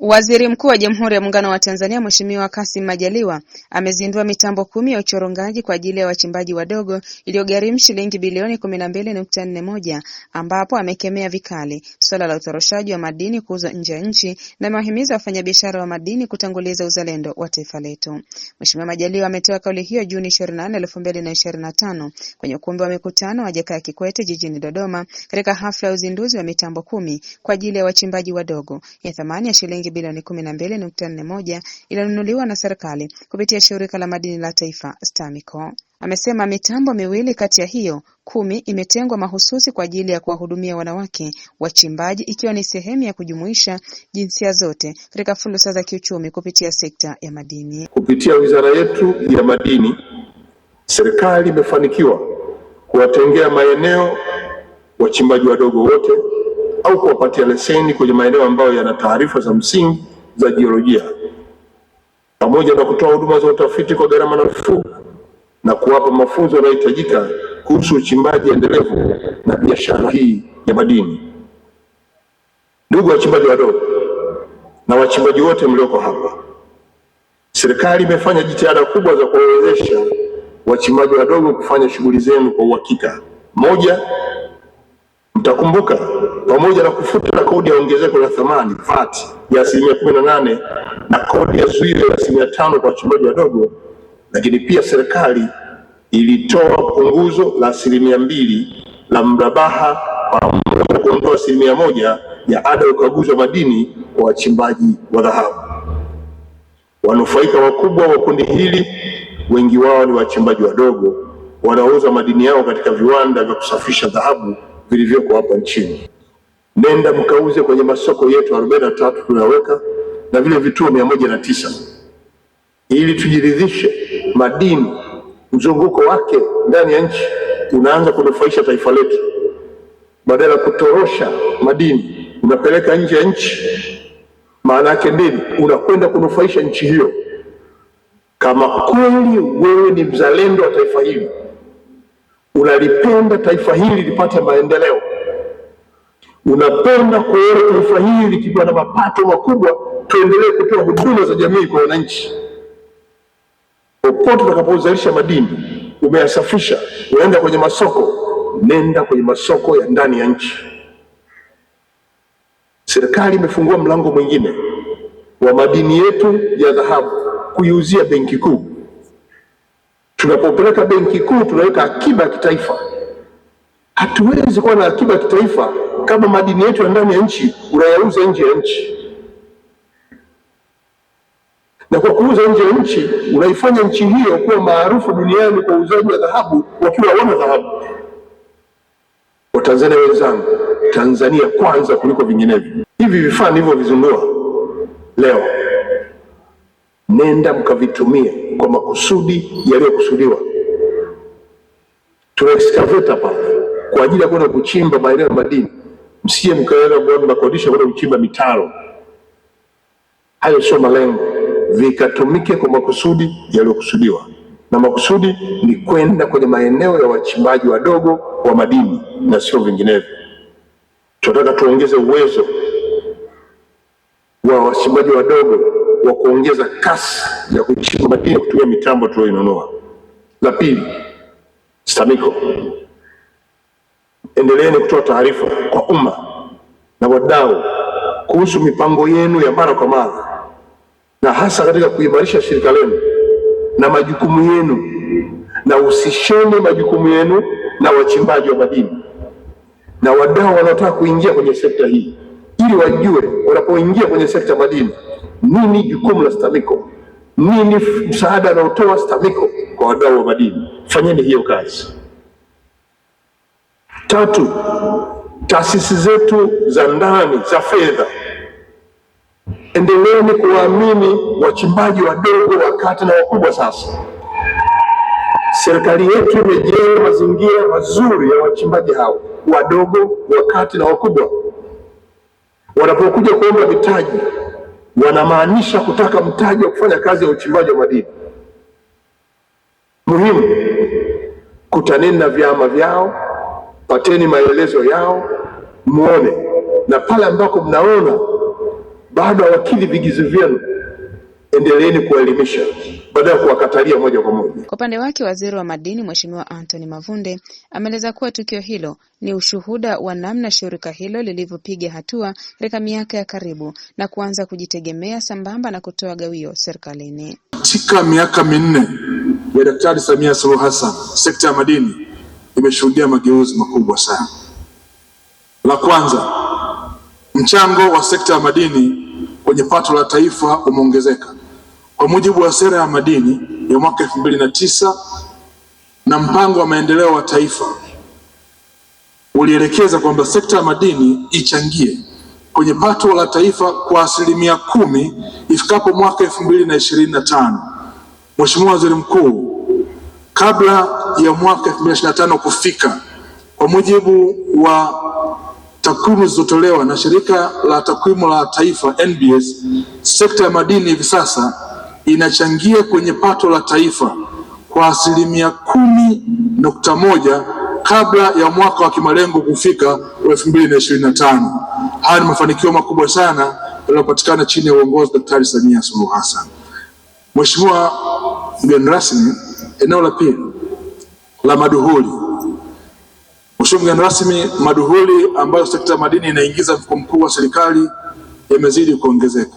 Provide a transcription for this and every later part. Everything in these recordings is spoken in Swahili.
Waziri Mkuu wa Jamhuri ya Muungano wa Tanzania Mheshimiwa Kassim Majaliwa amezindua mitambo kumi ya uchorongaji kwa ajili ya wachimbaji wadogo iliyogharimu shilingi bilioni 12.41 ambapo amekemea vikali suala la utoroshaji wa madini kuuzwa nje ya nchi na amewahimiza wafanyabiashara wa madini kutanguliza uzalendo wa taifa letu. Mheshimiwa Majaliwa ametoa kauli hiyo Juni 24, 2025 kwenye ukumbi wa mikutano wa Jakaya Kikwete jijini Dodoma katika hafla ya uzinduzi wa mitambo kumi kwa ajili ya wachimbaji wadogo ya thamani ya shilingi shilingi bilioni kumi na mbili nukta nne moja iliyonunuliwa na serikali kupitia Shirika la Madini la Taifa STAMICO. Amesema mitambo miwili kati ya hiyo kumi imetengwa mahususi kwa ajili ya kuwahudumia wanawake wachimbaji ikiwa ni sehemu ya kujumuisha jinsia zote katika fursa za kiuchumi kupitia sekta ya madini. Kupitia wizara yetu ya madini, serikali imefanikiwa kuwatengea maeneo wachimbaji wadogo wote au kuwapatia leseni kwenye maeneo ambayo yana taarifa za msingi za jiolojia, pamoja na kutoa huduma za utafiti kwa gharama nafuu na kuwapa mafunzo yanayohitajika kuhusu uchimbaji endelevu na biashara hii ya madini. Ndugu wachimbaji wadogo na wachimbaji wote mlioko hapa, serikali imefanya jitihada kubwa za kuwawezesha wachimbaji wadogo kufanya shughuli zenu kwa uhakika. Moja, Mtakumbuka pamoja na kufuta kodi ya ongezeko la thamani VAT ya asilimia kumi na nane na kodi ya zuio ya asilimia tano kwa wachimbaji wadogo, lakini pia serikali ilitoa punguzo la asilimia mbili la mrabaha pamoja na kuondoa asilimia moja ya ada ya ukaguzi wa madini kwa wachimbaji wa dhahabu. Wanufaika wakubwa wa kundi hili wengi wao ni wachimbaji wadogo wanaouza madini yao katika viwanda vya kusafisha dhahabu vilivyoko hapa nchini. Nenda mkauze kwenye masoko yetu 43 tunaweka na vile vituo mia moja na tisa ili tujiridhishe madini mzunguko wake ndani ya nchi unaanza kunufaisha taifa letu, badala ya kutorosha madini unapeleka nje ya nchi. Maana yake nini? Unakwenda kunufaisha nchi hiyo. Kama kweli wewe ni mzalendo wa taifa hili unalipenda taifa hili lipate maendeleo, unapenda kuona taifa hili likiwa na mapato makubwa, tuendelee kutoa huduma za jamii kwa wananchi. Popote utakapozalisha madini, umeyasafisha, unaenda kwenye masoko, nenda kwenye masoko ya ndani ya nchi. Serikali imefungua mlango mwingine wa madini yetu ya dhahabu kuiuzia Benki Kuu. Tunapopeleka benki kuu, tunaweka akiba ya kitaifa. Hatuwezi kuwa na akiba ya kitaifa kama madini yetu ya ndani ya nchi unayauza nje ya nchi, na kwa kuuza nje ya nchi unaifanya nchi hiyo kuwa maarufu duniani kwa uuzaji wa dhahabu, wakiwa wana dhahabu. Watanzania wenzangu, Tanzania kwanza kuliko vinginevyo. Hivi vifaa nilivyovizindua leo nenda mkavitumie kwa makusudi yaliyokusudiwa. Tuna excavator pale kwa ajili ya kwenda kuchimba maeneo ya madini, msije mkaenda mnakodisha kwenda kuchimba mitaro. Hayo sio malengo, vikatumike kwa makusudi yaliyokusudiwa, na makusudi ni kwenda kwenye maeneo ya wachimbaji wadogo wa madini na sio vinginevyo. Tunataka tuongeze uwezo wa wachimbaji wadogo wa kuongeza kasi ya kuchimba madini kutumia mitambo tulioinunua. La pili, STAMICO, endeleeni kutoa taarifa kwa umma na wadau kuhusu mipango yenu ya mara kwa mara na hasa katika kuimarisha shirika lenu na majukumu yenu, na usisheni majukumu yenu na wachimbaji wa madini na wadau wanaotaka kuingia kwenye sekta hii, ili wajue wanapoingia kwenye sekta madini nini jukumu la STAMICO, nini msaada anaotoa STAMICO kwa wadau wa madini. Fanyeni hiyo kazi. Tatu, taasisi zetu za ndani za fedha, endeleeni kuwaamini wachimbaji wadogo, wakati na wakubwa. Sasa serikali yetu imejenga mazingira mazuri ya wachimbaji hao wadogo, wakati na wakubwa, wanapokuja kuomba mitaji wanamaanisha kutaka mtaji wa kufanya kazi ya uchimbaji wa madini. Muhimu, kutaneni na vyama vyao, pateni maelezo yao, muone, na pale ambako mnaona bado hawakidhi vigezo vyenu, endeleeni kuwaelimisha badala kuwakatalia moja kwa moja. Kwa upande wake, waziri wa madini Mheshimiwa Anthony Mavunde ameeleza kuwa tukio hilo ni ushuhuda wa namna shirika hilo lilivyopiga hatua katika miaka ya karibu na kuanza kujitegemea sambamba na kutoa gawio serikalini. Katika miaka minne ya Daktari Samia Suluhu Hassan, sekta ya madini imeshuhudia mageuzi makubwa sana. La kwanza, mchango wa sekta ya madini kwenye pato la taifa umeongezeka kwa mujibu wa sera ya madini ya mwaka elfu mbili na tisa na mpango wa maendeleo wa taifa ulielekeza kwamba sekta ya madini ichangie kwenye pato la taifa kwa asilimia kumi ifikapo mwaka elfu mbili na ishirini na tano. Mheshimiwa Waziri Mkuu, kabla ya mwaka tano kufika, kwa mujibu wa takwimu zilizotolewa na shirika la takwimu la taifa NBS, sekta ya madini hivi sasa inachangia kwenye pato la taifa kwa asilimia kumi nukta moja kabla ya mwaka wa kimalengo kufika wa elfu mbili na ishirini na tano. Haya ni mafanikio makubwa sana yaliyopatikana chini ya uongozi wa Daktari Samia Suluhu Hassan. Mheshimiwa mgeni rasmi, eneo la pili la maduhuli. Mheshimiwa mgeni rasmi, maduhuli ambayo sekta ya madini inaingiza mfuko mkuu wa serikali yamezidi kuongezeka.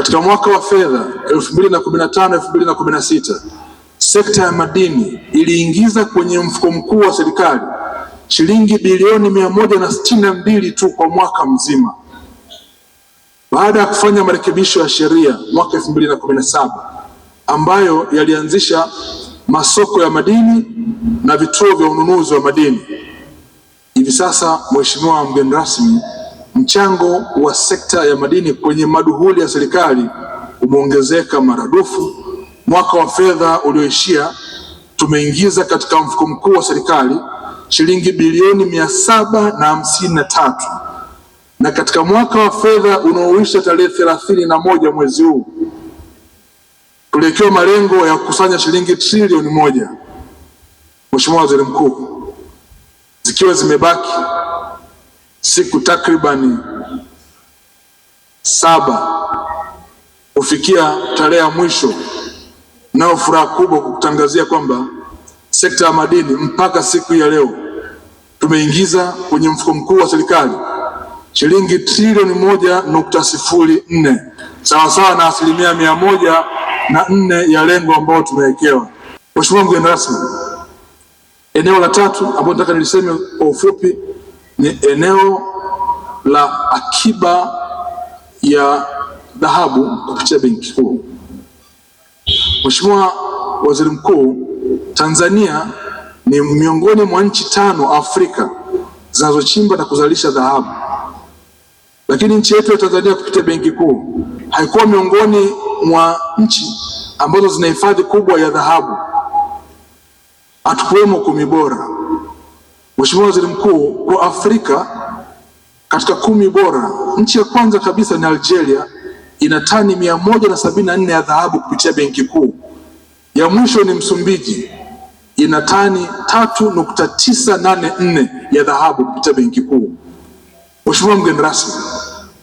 Katika mwaka wa fedha 2015 2016 sekta ya madini iliingiza kwenye mfuko mkuu wa serikali shilingi bilioni mia moja na sitini na mbili tu kwa mwaka mzima. Baada ya kufanya marekebisho ya sheria mwaka 2017 ambayo yalianzisha masoko ya madini na vituo vya ununuzi wa madini, hivi sasa, Mheshimiwa mgeni rasmi mchango wa sekta ya madini kwenye maduhuli ya serikali umeongezeka maradufu. Mwaka wa fedha ulioishia tumeingiza katika mfuko mkuu wa serikali shilingi bilioni mia saba na hamsini na tatu na katika mwaka wa fedha unaoisha tarehe thelathini na moja mwezi huu tuliwekewa malengo ya kukusanya shilingi trilioni moja, Mheshimiwa Waziri Mkuu, zikiwa zimebaki siku takribani saba kufikia tarehe ya mwisho. Nao furaha kubwa kukutangazia kwamba sekta ya madini mpaka siku ya leo tumeingiza kwenye mfuko mkuu wa serikali shilingi trilioni moja nukta sifuri nne sawasawa na asilimia mia moja na nne ya lengo ambayo tumewekewa. Mheshimiwa mgeni rasmi, eneo la tatu ambayo nataka niliseme kwa ufupi ni eneo la akiba ya dhahabu kupitia benki kuu. Mheshimiwa Waziri Mkuu, Tanzania ni miongoni mwa nchi tano Afrika zinazochimba na kuzalisha dhahabu, lakini nchi yetu ya Tanzania kupitia benki kuu haikuwa miongoni mwa nchi ambazo zina hifadhi kubwa ya dhahabu, hatukuwemo kumi bora. Mheshimiwa Waziri Mkuu, wa Afrika katika kumi bora, nchi ya kwanza kabisa ni Algeria, ina tani mia moja na sabini na nne ya dhahabu kupitia benki kuu. Ya mwisho ni Msumbiji, ina tani tatu nukta tisa nane nne ya dhahabu kupitia benki kuu. Mheshimiwa mgeni rasmi,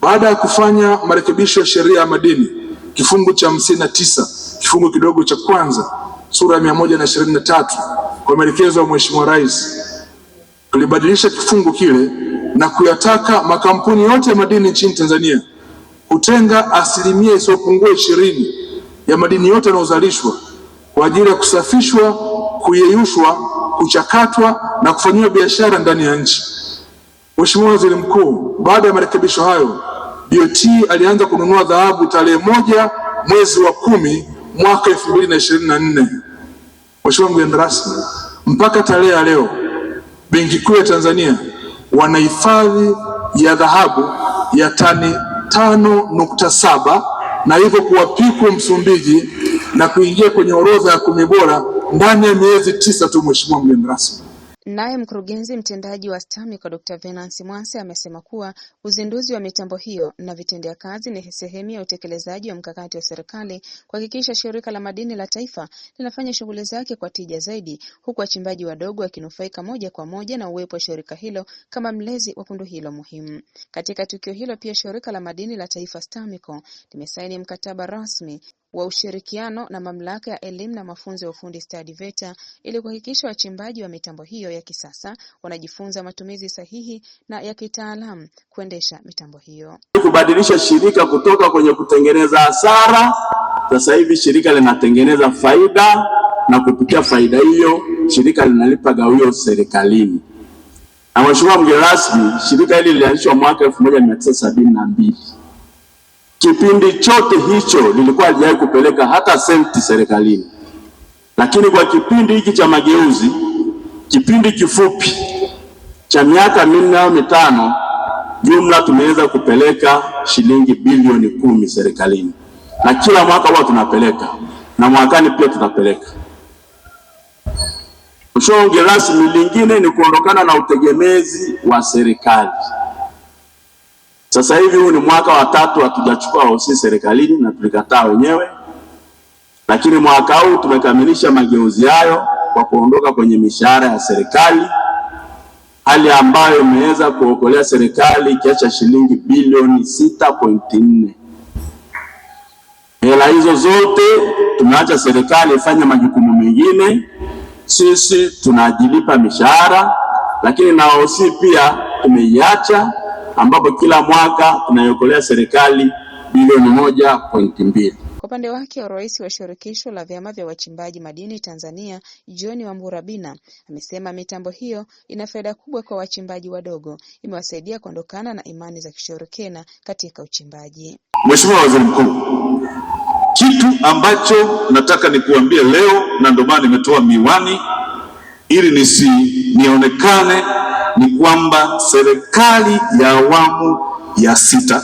baada ya kufanya marekebisho ya sheria ya madini kifungu cha hamsini na tisa kifungu kidogo cha kwanza sura ya mia moja na ishirini na tatu kwa maelekezo ya Mheshimiwa Rais tulibadilisha kifungu kile na kuyataka makampuni yote ya madini nchini Tanzania kutenga asilimia isiyopungua ishirini ya madini yote yanayozalishwa kwa ajili ya kusafishwa, kuyeyushwa, kuchakatwa na kufanyiwa biashara ndani ya nchi. Mheshimiwa Waziri Mkuu, baada ya marekebisho hayo, BOT alianza kununua dhahabu tarehe moja mwezi wa kumi mwaka elfu mbili na ishirini na nne. Mheshimiwa mgeni rasmi, mpaka tarehe ya leo Benki Kuu ya Tanzania wana hifadhi ya dhahabu ya tani tano nukta saba na hivyo kuwapiku Msumbiji na kuingia kwenye orodha ya kumi bora ndani ya miezi tisa tu, Mheshimiwa mgeni rasmi. Naye mkurugenzi mtendaji wa STAMICO Dr. Venansi Mwase amesema kuwa uzinduzi wa mitambo hiyo na vitendea kazi ni sehemu ya utekelezaji wa mkakati wa serikali kuhakikisha Shirika la Madini la Taifa linafanya shughuli zake kwa tija zaidi, huku wachimbaji wadogo wakinufaika moja kwa moja na uwepo wa shirika hilo kama mlezi wa kundi hilo muhimu. Katika tukio hilo pia Shirika la Madini la Taifa STAMICO limesaini mkataba rasmi wa ushirikiano na Mamlaka ya Elimu na Mafunzo ya Ufundi Stadi VETA ili kuhakikisha wachimbaji wa mitambo hiyo ya kisasa wanajifunza matumizi sahihi na ya kitaalamu kuendesha mitambo hiyo. Kubadilisha shirika kutoka kwenye kutengeneza hasara, sasa hivi shirika linatengeneza faida na kupitia faida hiyo shirika linalipa gawio serikalini. Na mheshimiwa mgeni rasmi, shirika hili lilianzishwa mwaka 1972. Kipindi chote hicho nilikuwa alijawahi kupeleka hata senti serikalini, lakini kwa kipindi hiki cha mageuzi, kipindi kifupi cha miaka minne au mitano, jumla tumeweza kupeleka shilingi bilioni kumi serikalini, na kila mwaka huwa tunapeleka na mwakani pia tutapeleka. Msonge rasmi lingine ni kuondokana na utegemezi wa serikali. Sasa hivi huu ni mwaka wa tatu hatujachukua wahusia serikalini na tulikataa wenyewe, lakini mwaka huu tumekamilisha mageuzi hayo kwa kuondoka kwenye mishahara ya serikali, hali ambayo imeweza kuokolea serikali kiasi cha shilingi bilioni 6.4. Hela hizo zote tumeacha serikali ifanye majukumu mengine, sisi tunajilipa mishahara, lakini na OC pia tumeiacha ambapo kila mwaka tunaiokolea serikali bilioni moja pointi mbili. Kwa upande wake rais wa shirikisho la vyama vya wachimbaji madini Tanzania John Wamburabina amesema mitambo hiyo ina faida kubwa kwa wachimbaji wadogo, imewasaidia kuondokana na imani za kishirikina katika uchimbaji. Mheshimiwa Waziri Mkuu, kitu ambacho nataka nikuambie leo na ndio maana nimetoa miwani ili nisi nionekane ni kwamba serikali ya awamu ya sita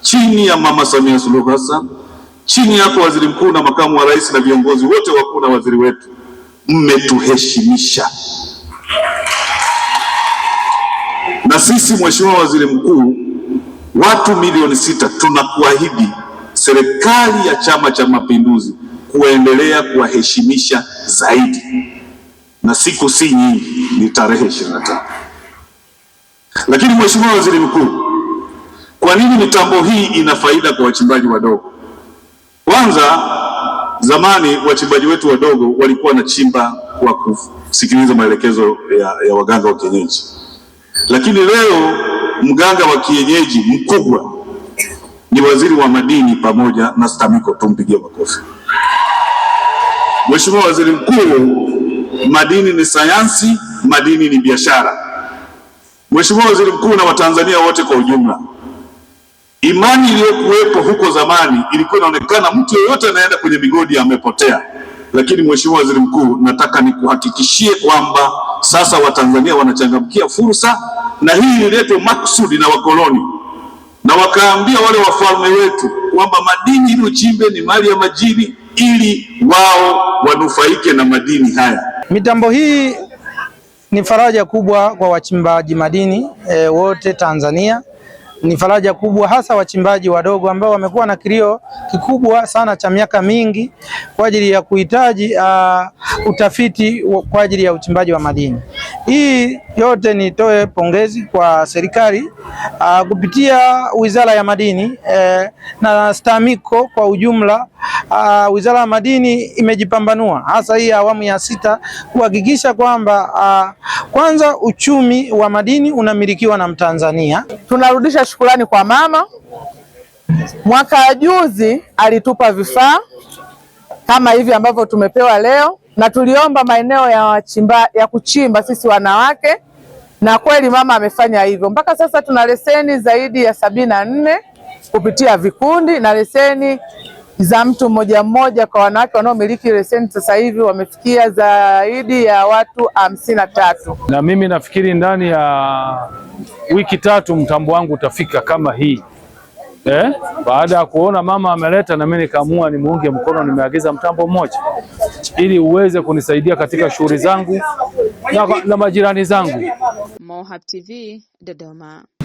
chini ya Mama Samia Suluhu Hassan, chini yako waziri mkuu na makamu wa rais na viongozi wote wakuu na waziri wetu, mmetuheshimisha na sisi, Mheshimiwa Waziri Mkuu, watu milioni sita tunakuahidi serikali ya Chama cha Mapinduzi kuendelea kuwaheshimisha zaidi, na siku si nyingi ni tarehe ishirini na tano. Lakini Mheshimiwa Waziri Mkuu, kwa nini mitambo hii ina faida kwa wachimbaji wadogo? Kwanza, zamani wachimbaji wetu wadogo walikuwa wanachimba kwa kusikiliza maelekezo ya, ya waganga wa kienyeji, lakini leo mganga wa kienyeji mkubwa ni waziri wa madini pamoja na STAMIKO. Tumpigie makofi. Mheshimiwa Waziri Mkuu, madini ni sayansi, madini ni biashara Mheshimiwa Waziri Mkuu na Watanzania wote kwa ujumla, imani iliyokuwepo huko zamani ilikuwa inaonekana mtu yeyote anaenda kwenye migodi amepotea, lakini Mheshimiwa Waziri Mkuu, nataka nikuhakikishie kwamba sasa Watanzania wanachangamkia fursa, na hii ililetwa makusudi na wakoloni na wakaambia wale wafalme wetu kwamba madini ili uchimbe ni mali ya majini, ili wao wanufaike na madini haya. Mitambo hii ni faraja kubwa kwa wachimbaji madini e, wote Tanzania ni faraja kubwa hasa wachimbaji wadogo ambao wamekuwa na kilio kikubwa sana cha miaka mingi kwa ajili ya kuhitaji uh, utafiti kwa ajili ya uchimbaji wa madini. Hii yote nitoe pongezi kwa serikali uh, kupitia Wizara ya Madini eh, na STAMICO kwa ujumla. Uh, Wizara ya Madini imejipambanua hasa hii awamu ya sita kuhakikisha kwamba uh, kwanza uchumi wa madini unamilikiwa na Mtanzania. Tunarudisha shukrani kwa mama. Mwaka wa juzi alitupa vifaa kama hivi ambavyo tumepewa leo, na tuliomba maeneo ya wachimba, ya kuchimba sisi wanawake, na kweli mama amefanya hivyo. Mpaka sasa tuna leseni zaidi ya sabini na nne kupitia vikundi na leseni za mtu mmoja mmoja kwa wanawake wanaomiliki leseni sasa hivi wamefikia zaidi ya watu hamsini na tatu. Na mimi nafikiri ndani ya wiki tatu mtambo wangu utafika kama hii eh? Baada ya kuona mama ameleta, na mimi nikaamua nimuunge mkono, nimeagiza mtambo mmoja ili uweze kunisaidia katika shughuli zangu na, na majirani zangu. Mohab TV Dodoma.